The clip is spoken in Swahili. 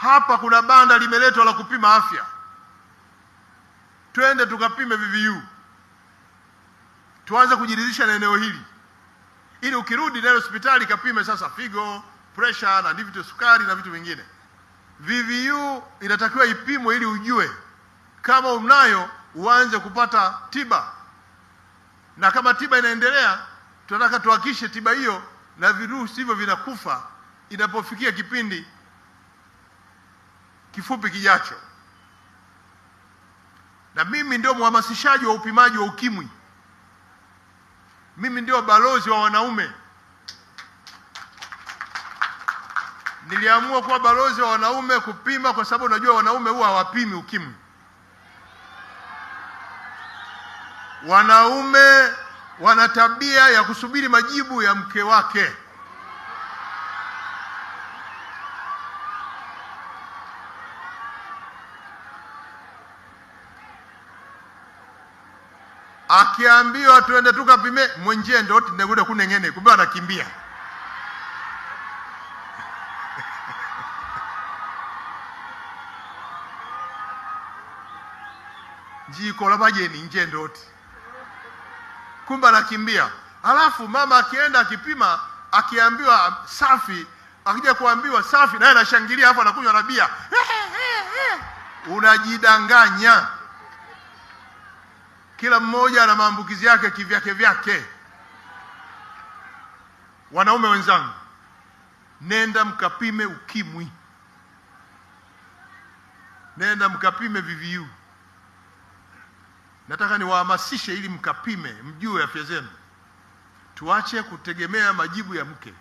Hapa kuna banda limeletwa la kupima afya, twende tukapime VVU, tuanze kujiridhisha na eneo hili, ili ukirudi nayo hospitali kapime sasa figo, pressure na ndivyo sukari na vitu vingine. VVU inatakiwa ipimwe ili ujue kama unayo uanze kupata tiba, na kama tiba inaendelea, tunataka tuhakishe tiba hiyo na virusi hivyo vinakufa inapofikia kipindi kifupi kijacho, na mimi ndio mhamasishaji wa upimaji wa ukimwi. Mimi ndio balozi wa wanaume. Niliamua kuwa balozi wa wanaume kupima, kwa sababu unajua wanaume huwa hawapimi ukimwi. Wanaume wana tabia ya kusubiri majibu ya mke wake. akiambiwa twende tukapime mwenjie ndo tinekuda kuneng'ene kumbe anakimbia jikola bajeni nje ndoti kumbe anakimbia halafu mama akienda akipima akiambiwa safi akija kuambiwa safi naye anashangilia hapo anakunywa na bia unajidanganya kila mmoja ana maambukizi yake kivyake vyake. Wanaume wenzangu, nenda mkapime ukimwi, nenda mkapime VVU. Nataka niwahamasishe ili mkapime, mjue afya zenu. Tuache kutegemea majibu ya mke.